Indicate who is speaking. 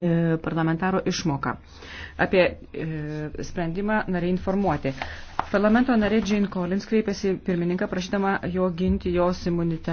Speaker 1: E, parlamentaro išmoką. Apie e, sprendimą nariai informuoti. Parlamento narė Jane Collins kreipėsi pirmininką prašydama jo ginti jos imunitetą.